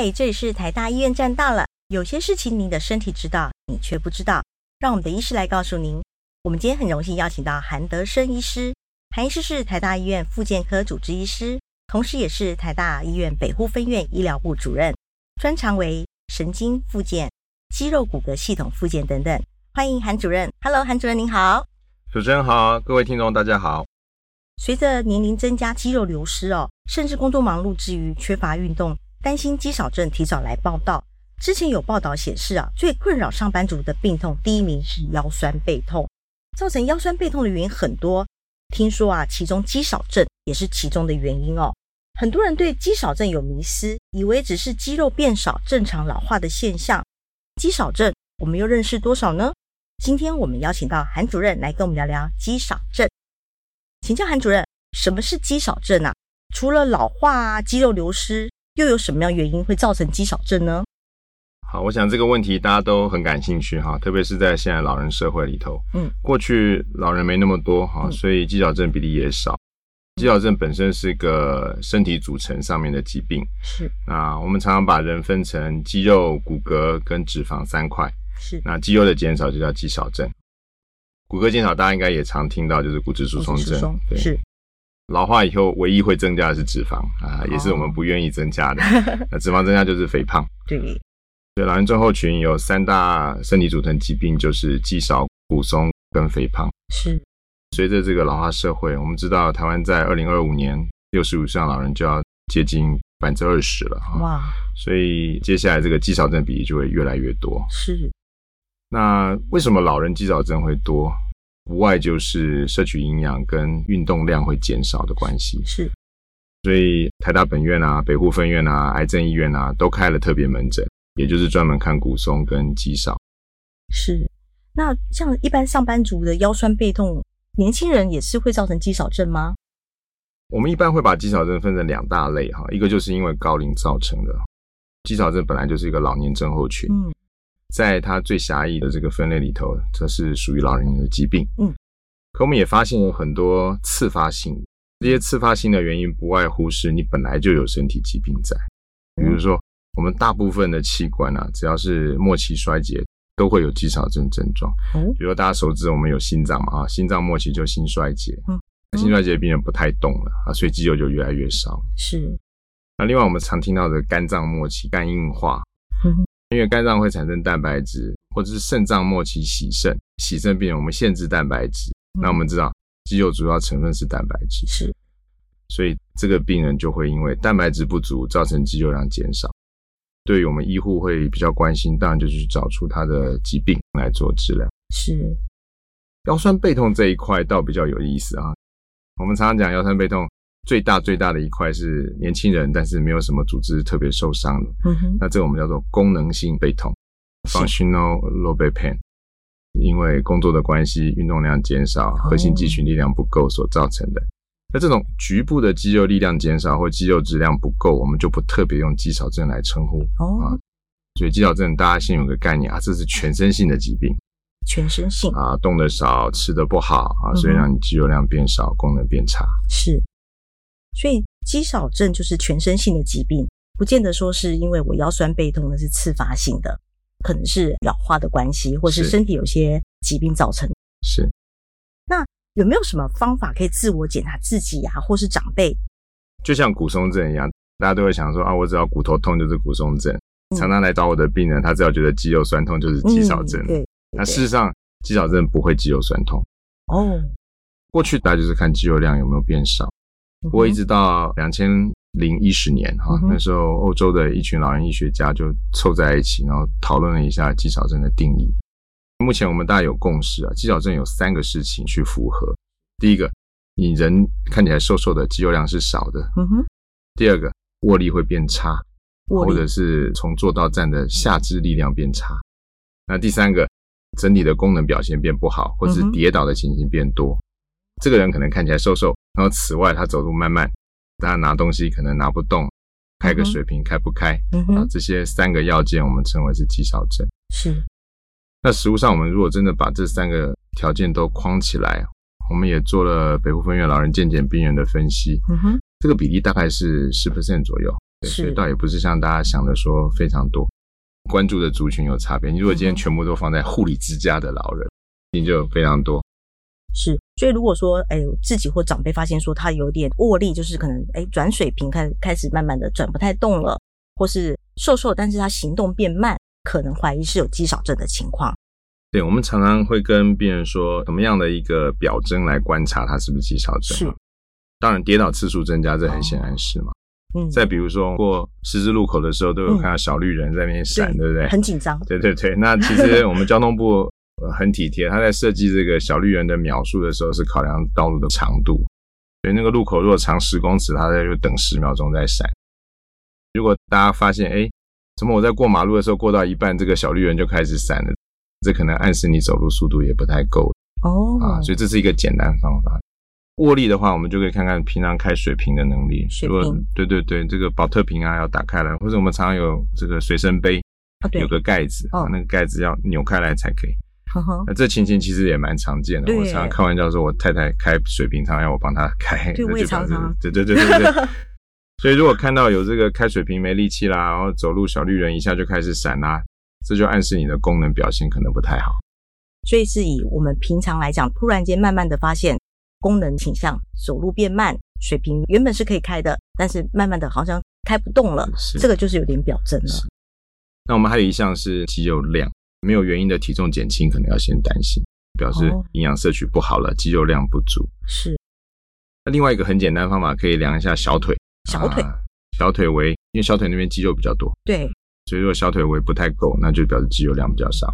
哎，這裡是台大醫院站到了。有些事情您的身體知道，你卻不知道，讓我們的醫師來告訴您。我們今天很榮幸邀請到韓德生醫師，韓醫師是台大醫院復健科主治醫師，同時也是台大醫院北護分院醫療部主任，專長為神經復健、肌肉骨骼系統復健等等。歡迎韓主任。哈嘍，韓主任您好。主持人好，各位聽眾大家好。隨着年齡增加，肌肉流失哦，甚至工作忙碌之餘缺乏運動。擔心肌少症提早來報到。之前有報道顯示啊，最困擾上班族的病痛第一名是腰酸背痛。造成腰酸背痛的原因很多，聽說啊，其中肌少症也是其中的原因哦。很多人對肌少症有迷思，以為只是肌肉變少、正常老化的現象。肌少症我們又認識多少呢？今天我們邀請到韓主任來跟我們聊聊肌少症。請教韓主任，什麼是肌少症啊？除了老化啊，肌肉流失。又有什麼樣原因會造成肌少症呢？好，我想這個問題大家都很感興趣哈，特別是在現在老人社會裡頭。嗯，過去老人沒那麼多哈，所以肌少症比例也少。肌少症本身是個身體組成上面的疾病。是。那我們常常把人分成肌肉、嗯、骨骼跟脂肪三塊。是。那肌肉的減少就叫肌少症。骨骼減少，大家應該也常聽到，就是骨質疏鬆症。骨質疏鬆。對。是。老化以後，唯一會增加的是脂肪啊，呃 oh. 也是我們不願意增加的。那、呃、脂肪增加就是肥胖。 對。對，老人症候群有三大身體組成疾病，就是肌少、骨鬆跟肥胖。是。隨着這個老化社會，我們知道台灣在二零二五年，六十五歲的老人就要接近百分之二十了。哇、wow.。所以接下來這個肌少症的比例就會越來越多。是。那為什麼老人肌少症會多？不外就是攝取營養跟運動量會減少的關係，是。所以台大本院啊、北護分院啊、癌症醫院啊，都開了特別門診，也就是專門看骨鬆跟肌少。是。那像一般上班族的腰痠背痛，年輕人也是會造成肌少症嗎？我們一般會把肌少症分成兩大類哈，一個就是因為高齡造成的肌少症，本來就是一個老年症候群。嗯。在它最狹義的這個分類裡頭，它是屬於老年人的疾病。嗯，可我們也發現有很多次發性，這些次發性的原因不外乎是你本來就有身體疾病在。比如說，我們大部分的器官啊，只要是末期衰竭，都會有肌少症症狀。嗯。比如說大家熟知我們有心臟嘛啊，心臟末期就心衰竭。嗯，心衰竭病人不太動了啊，所以肌肉就越來越少。是。那、啊、另外我們常聽到的肝臟末期肝硬化。因為肝臟會產生蛋白質，或者是腎臟末期洗腎，洗腎病人我們限制蛋白質，嗯。那我們知道肌肉主要成分是蛋白質，是，所以這個病人就會因為蛋白質不足造成肌肉量減少。對於我們醫護會比較關心，當然就是找出他的疾病來做治療。是，腰酸背痛這一塊倒比較有意思啊。我們常常講腰酸背痛。最大最大的一塊是年輕人，但是沒有什麼組織特別受傷的。嗯哼，那這個我們叫做功能性背痛 （functional low back pain），因為工作的關係，運動量減少，核心肌群力量不夠所造成的，哦。那這種局部的肌肉力量減少或肌肉質量不夠，我們就不特別用肌少症來稱呼。哦，啊、所以肌少症大家先有個概念啊，這是全身性的疾病。全身性啊，動得少，吃得不好啊，所以讓你肌肉量變少，嗯、功能變差。是。所以肌少症就是全身性的疾病，不見得說是因為我腰酸背痛的是次發性的，可能是老化的關係，或是身體有些疾病造成。是。那有沒有什麼方法可以自我檢查自己啊，或是長輩？就像骨鬆症一樣，大家都會想說啊，我只要骨頭痛就是骨鬆症。常常來找我的病人，他只要覺得肌肉酸痛就是肌少症。嗯，對，對，對。那事實上，肌少症不會肌肉酸痛。哦。過去大家就是看肌肉量有沒有變少。不過一直到兩千零一十年哈，那時候歐洲的一群老人醫學家就湊在一起，然後討論了一下肌少症的定義。目前我們大家有共識啊，肌少症有三個事情去符合：第一個，你人看起來瘦瘦的，肌肉量是少的；嗯哼，第二個，握力會變差，握力，或者是從坐到站的下肢力量變差；那第三個，整體的功能表現變不好，或者是跌倒的情形變多。這個人可能看起來瘦瘦。然後，此外，他走路慢慢，大家拿東西可能拿不動，嗯、開個水瓶開不開、嗯，然後這些三個要件，我們稱為是肌少症。是。那實務上，我們如果真的把這三個條件都框起來，我們也做了北護分院老人健檢病人的分析、嗯哼，這個比例大概是十%左右，對，所以倒也不是像大家想的說非常多。關注的族群有差別，如果今天全部都放在護理之家的老人，那、嗯、就非常多。是，所以如果說，哎，自己或長輩發現說他有點握力，就是可能，哎，轉水平開始開始慢慢的轉不太動了，或是瘦瘦，但是他行動變慢，可能懷疑是有肌少症的情況。對，我們常常會跟病人說，怎麼樣的一個表徵來觀察他是不是肌少症？是，當然跌倒次數增加，這很顯然是嘛。哦、嗯，再比如說過十字路口的時候，都有看到小綠人在那邊閃，嗯、對，對不對？很緊張。對對對，那其實我們交通部。 很體貼，他在設計這個小綠人的秒數的時候是考量道路的長度，所以那個路口如果長十公尺，他在就等十秒鐘再閃。如果大家發現，哎，怎麼我在過馬路的時候過到一半，這個小綠人就開始閃了，這可能暗示你走路速度也不太夠哦。Oh. 啊，所以這是一個簡單方法。握力的話，我們就可以看看平常開水瓶的能力。水瓶，如果，對對對，這個寶特瓶啊要打開來，或者我們常常有這個隨身杯，有、okay. 個蓋子，oh. 那個蓋子要扭開來才可以。呵，那這情形其實也蠻常見的。我常常開玩笑說，我太太開水瓶，湯，要我幫她開，對我也常常。對對對對對。 所以如果看到有這個開水瓶沒力氣啦，然後走路小綠人一下就開始閃啦，這就暗示你的功能表現可能不太好。所以是以我們平常來講，突然間慢慢的發現功能傾向走路變慢，水瓶原本是可以開的，但是慢慢的好像開不動了，這個就是有點表徵了。那我們還有一項是肌肉量。沒有原因的體重減輕，可能要先擔心，表示營養攝取不好了，哦、肌肉量不足。是。那、啊、另外一個很簡單的方法，可以量一下小腿。小腿、啊。小腿圍，因為小腿那邊肌肉比較多。對。所以如果小腿圍不太夠，那就表示肌肉量比較少。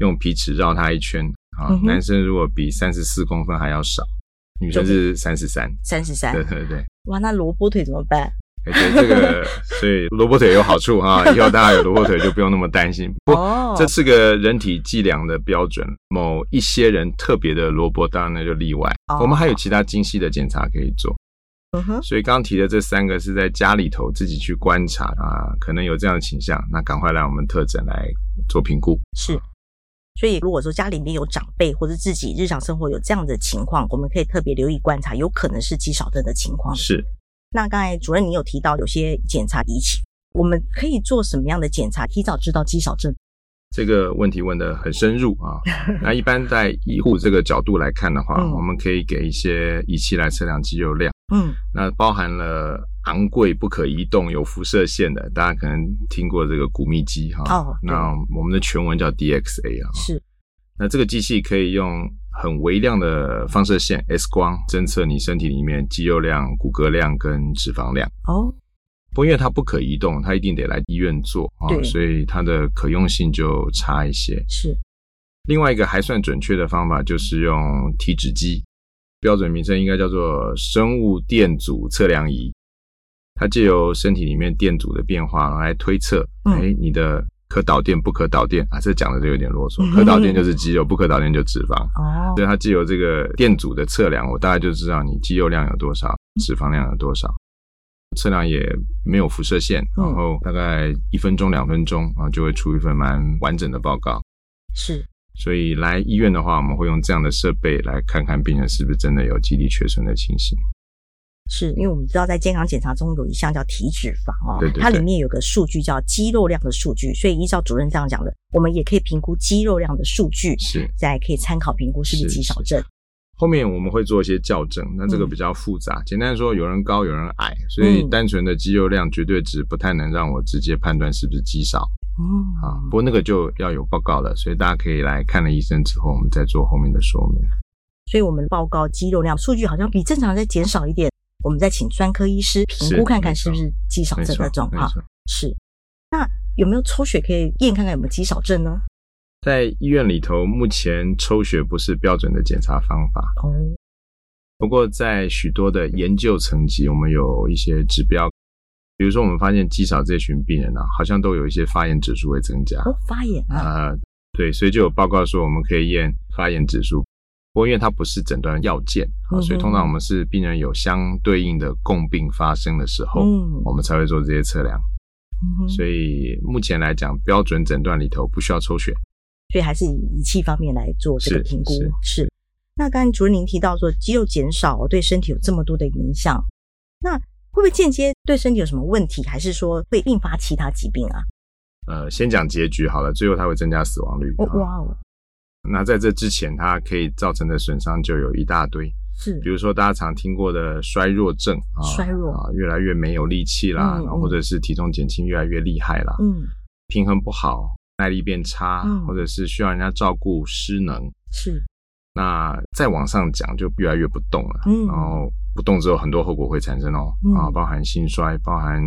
用皮尺繞它一圈啊、嗯。男生如果比三十四公分還要少，女生是三十三。三十三。對對對。哇，那蘿蔔腿怎麼辦？欸、對這個，所以蘿蔔腿有好處啊！以後大家有蘿蔔腿就不用那麼擔心。不過，這是個人體計量的標準，某一些人特別的蘿蔔當然那就例外。我們還有其他精細的檢查可以做。嗯，所以剛提的這三個是在家裡頭自己去觀察啊，可能有這樣的傾向，那趕快來我們特診來做評估。是。所以如果說家裡面有長輩或者自己日常生活有這樣的情況，我們可以特別留意觀察，有可能是肌少症的、的情況。是。那剛才主任，你有提到有些檢查儀器，我們可以做什麼樣的檢查，提早知道肌少症？這個問題問得很深入啊。 那一般在醫護這個角度來看的話，嗯、我們可以給一些儀器來測量肌肉量。嗯，那包含了昂貴、不可移動、有輻射線的，大家可能聽過這個骨密機哈。哦。那我們的全文叫 DXA 啊。是。那這個機器可以用。很微量的放射線 X 光，偵測你身體裡面肌肉量、骨骼量跟脂肪量。哦、oh.，不，因為它不可移動，它一定得來醫院做對啊，所以它的可用性就差一些。是。另外一個還算準確的方法，就是用體脂機，標準名稱應該叫做生物電阻測量儀。它借由身體裡面電阻的變化來推測，哎、嗯欸，你的。可導電不可導電啊，這講的就有點囉嗦。可導電就是肌肉，不可導電就是脂肪。哦，所以它藉由這個電阻的測量，我大概就知道你肌肉量有多少，脂肪量有多少。測量也沒有輻射線，然後大概一分鐘兩分鐘，然後就會出一份蠻完整的報告。是，所以來醫院的話，我們會用這樣的設備來看看病人是不是真的有肌力缺損的情形。是因為我們知道在健康檢查中有一項叫體脂肪、哦、對，對，對，它裡面有個數據叫肌肉量的數據，所以依照主任這樣講的，我們也可以評估肌肉量的數據，是再可以參考評估是不是肌少症。是，是。後面我們會做一些校正，那這個比較複雜。嗯、簡單說，有人高有人矮，所以單純的肌肉量絕對值不太能讓我直接判斷是不是肌少。哦、嗯，啊，不過那個就要有報告了，所以大家可以來看了醫生之後，我們再做後面的說明。所以我們報告肌肉量數據好像比正常再減少一點。我們再請專科醫師評估看看，是不是肌少症的狀況、啊。是。那有沒有抽血可以驗看看有沒有肌少症呢？在醫院裡頭，目前抽血不是標準的檢查方法哦、嗯。不過，在許多的研究層級，我們有一些指標，比如說，我們發現肌少這群病人啊，好像都有一些發炎指數會增加。哦、發炎啊、呃，對，所以就有報告說，我們可以驗發炎指數。不過，因為它不是診斷的要件啊、嗯，所以通常我們是病人有相對應的共病發生的時候，嗯、我們才會做這些測量、嗯。所以目前來講，標準診斷裡頭不需要抽血。所以還是以儀器方面來做這個評估。是。是是是，那剛才主任您提到說，肌肉減少對身體有這麼多的影響，那會不會間接對身體有什麼問題，還是說會併發其他疾病啊？呃，先講結局好了，最後它會增加死亡率。哇哦！那在這之前，它可以造成的損傷就有一大堆，是，比如說大家常聽過的衰弱症啊，衰弱啊，越來越沒有力氣啦、嗯嗯，或者是體重減輕越來越厲害啦，嗯，平衡不好，耐力變差，嗯、或者是需要人家照顧失能，是、嗯。那再往上講，就越來越不動了，嗯，然後不動之後，很多後果會產生哦、嗯，啊，包含心衰，包含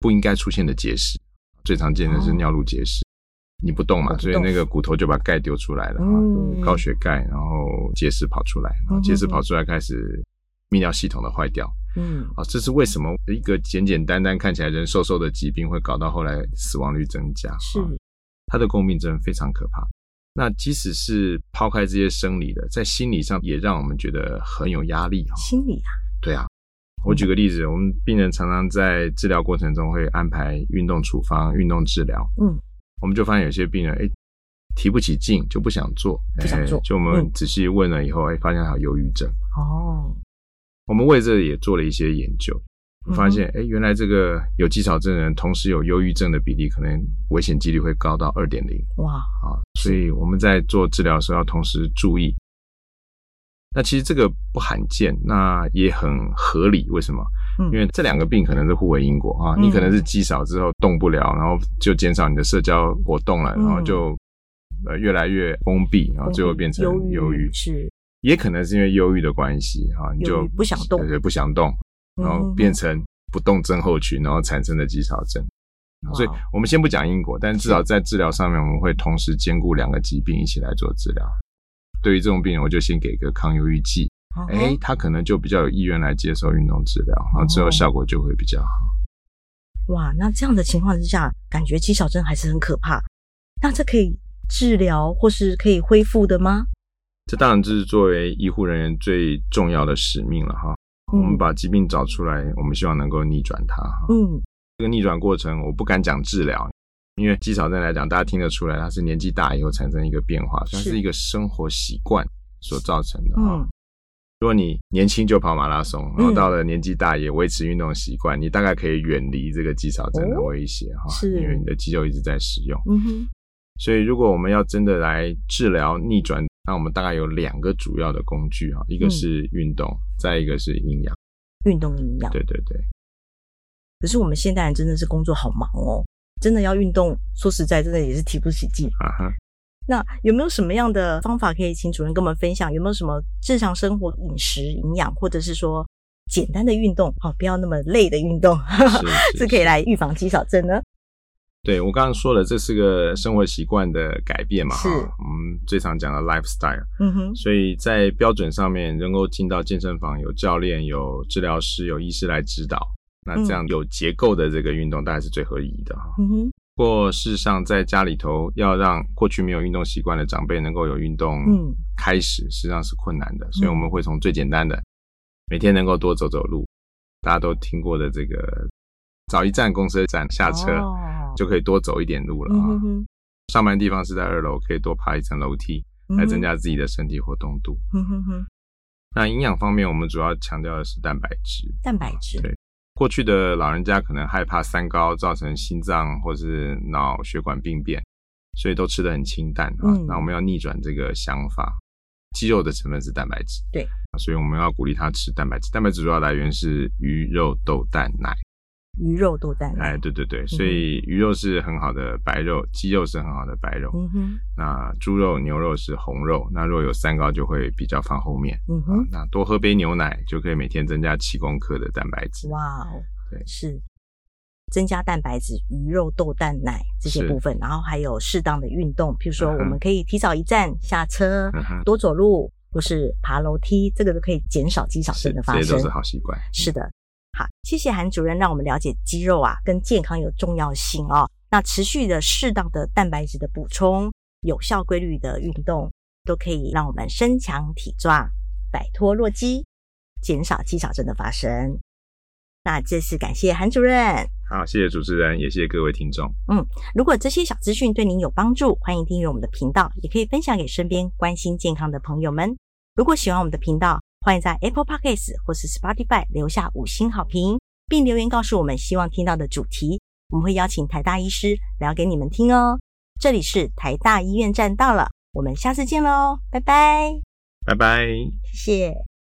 不應該出現的結石，最常見的是尿路結石。哦你不動嘛不動，所以那個骨頭就把鈣丟出來了，嗯、高血鈣，然後結石跑出來，嗯、結石跑出來開始泌尿系統的壞掉。嗯，啊，這是為什麼一個簡簡單單看起來人瘦瘦的疾病會搞到後來死亡率增加？是，它、啊、的共病真的非常可怕。那即使是拋開這些生理的，在心理上也讓我們覺得很有壓力。心理啊，哦、對啊、嗯。我舉個例子，我們病人常常在治療過程中會安排運動處方、運動治療。嗯。我們就發現有些病人，哎、欸，提不起勁，就不想做，不想做，欸、就我們仔細問了以後，哎、嗯欸，發現他有憂鬱症。哦，我們為這也做了一些研究，發現，哎、嗯欸，原來這個有肌少症的人，同時有憂鬱症的比例，可能危險幾率會高到二點零。哇，啊，所以我們在做治療的時候要同時注意、嗯。那其實這個不罕見，那也很合理。為什麼？因為這兩個病可能是互為因果啊，你可能是肌少之後動不了，嗯，然後就減少你的社交活動了，嗯，然後就呃越來越封閉，然後最後變成憂鬱，憂鬱。是。也可能是因為憂鬱的關係啊，你就不想動，對，不想動，然後變成不動症候群，嗯，然後產生的肌少症。嗯。所以我們先不講因果，但至少在治療上面，我們會同時兼顧兩個疾病一起來做治療。對於這種病人我就先給個抗憂鬱劑。哎、okay.，他可能就比較有意願來接受運動治療，oh. 然後之後效果就會比較好。哇，那這樣的情況之下，感覺肌少症還是很可怕。那這可以治療或是可以恢復的嗎？這當然就是作為醫護人員最重要的使命了哈、嗯。我們把疾病找出來，我們希望能夠逆轉它哈。嗯，這個逆轉過程，我不敢講治療，因為肌少症來講，大家聽得出來，它是年紀大以後產生一個變化，算是,是一個生活習慣所造成的。哈。如果你年輕就跑馬拉松，然後到了年紀大也維持運動習慣，嗯、你大概可以遠離這個肌少症的威脅哈、哦，是因為你的肌肉一直在使用。嗯哼。所以如果我們要真的來治療逆轉，那我們大概有兩個主要的工具哈，一個是運動，嗯、再一個是營養。運動營養。對對對。可是我們現代人真的是工作好忙哦，真的要運動，說實在，真的也是提不起勁。啊哈。那有沒有什麼樣的方法可以請主任跟我們分享？有沒有什麼日常生活飲食營養，或者是說簡單的運動，好、哦、不要那麼累的運動，是，是， 是可以來預防肌少症呢？對我剛剛說了，這是個生活習慣的改變嘛，是，我們最常講的 lifestyle。嗯哼，所以在標準上面，能夠進到健身房，有教練、有治療師、有醫師來指導，那這樣有結構的這個運動，當、嗯、然是最合宜的哈。嗯哼。不過，事實上，在家裡頭要讓過去沒有運動習慣的長輩能夠有運動，嗯，開始實際上是困難的、嗯。所以我們會從最簡單的，每天能夠多走走路，嗯、大家都聽過的這個，早一站，公車站下車、哦，就可以多走一點路了啊、嗯。上班地方是在二樓，可以多爬一層樓梯，來增加自己的身體活動度。嗯、哼哼。那營養方面，我們主要強調的是蛋白質，蛋白質，對。過去的老人家可能害怕三高造成心臟或是腦血管病變，所以都吃得很清淡、嗯、啊。那我們要逆轉這個想法，肌肉的成分是蛋白質，對，啊、所以我們要鼓勵他吃蛋白質。蛋白質主要來源是魚、肉、豆、蛋、奶。魚肉豆蛋奶，哎，對對對，嗯，所以魚肉是很好的白肉，雞肉是很好的白肉。嗯哼，那豬肉牛肉是紅肉，那若有三高就會比較放後面。嗯哼，啊，那多喝杯牛奶就可以每天增加七公克的蛋白質。哇哦，對，是增加蛋白質，魚肉豆蛋奶這些部分，然後還有適當的運動，譬如說我們可以提早一站，嗯，下車，嗯，多走路或是爬樓梯，這個都可以減少肌少症的發生，是這些都是好習慣，嗯。是的。好，謝謝韓主任，讓我們了解肌肉啊跟健康有重要性哦。那持續的適當的蛋白質的補充，有效規律的運動，都可以讓我們身強體壯，擺脫弱肌，減少肌少症的發生。那這次感謝韓主任。好，謝謝主持人，也謝謝各位聽眾。嗯，如果這些小資訊對您有幫助，歡迎訂閱我們的頻道，也可以分享給身邊關心健康的朋友們。如果喜歡我們的頻道，歡迎在 Apple Podcasts 或是 Spotify 留下五星好評，並留言告訴我們希望聽到的主題，我們會邀請台大醫師聊給你們聽哦。這裡是台大醫院站到了，我們下次見嘍，拜拜，拜拜，謝謝。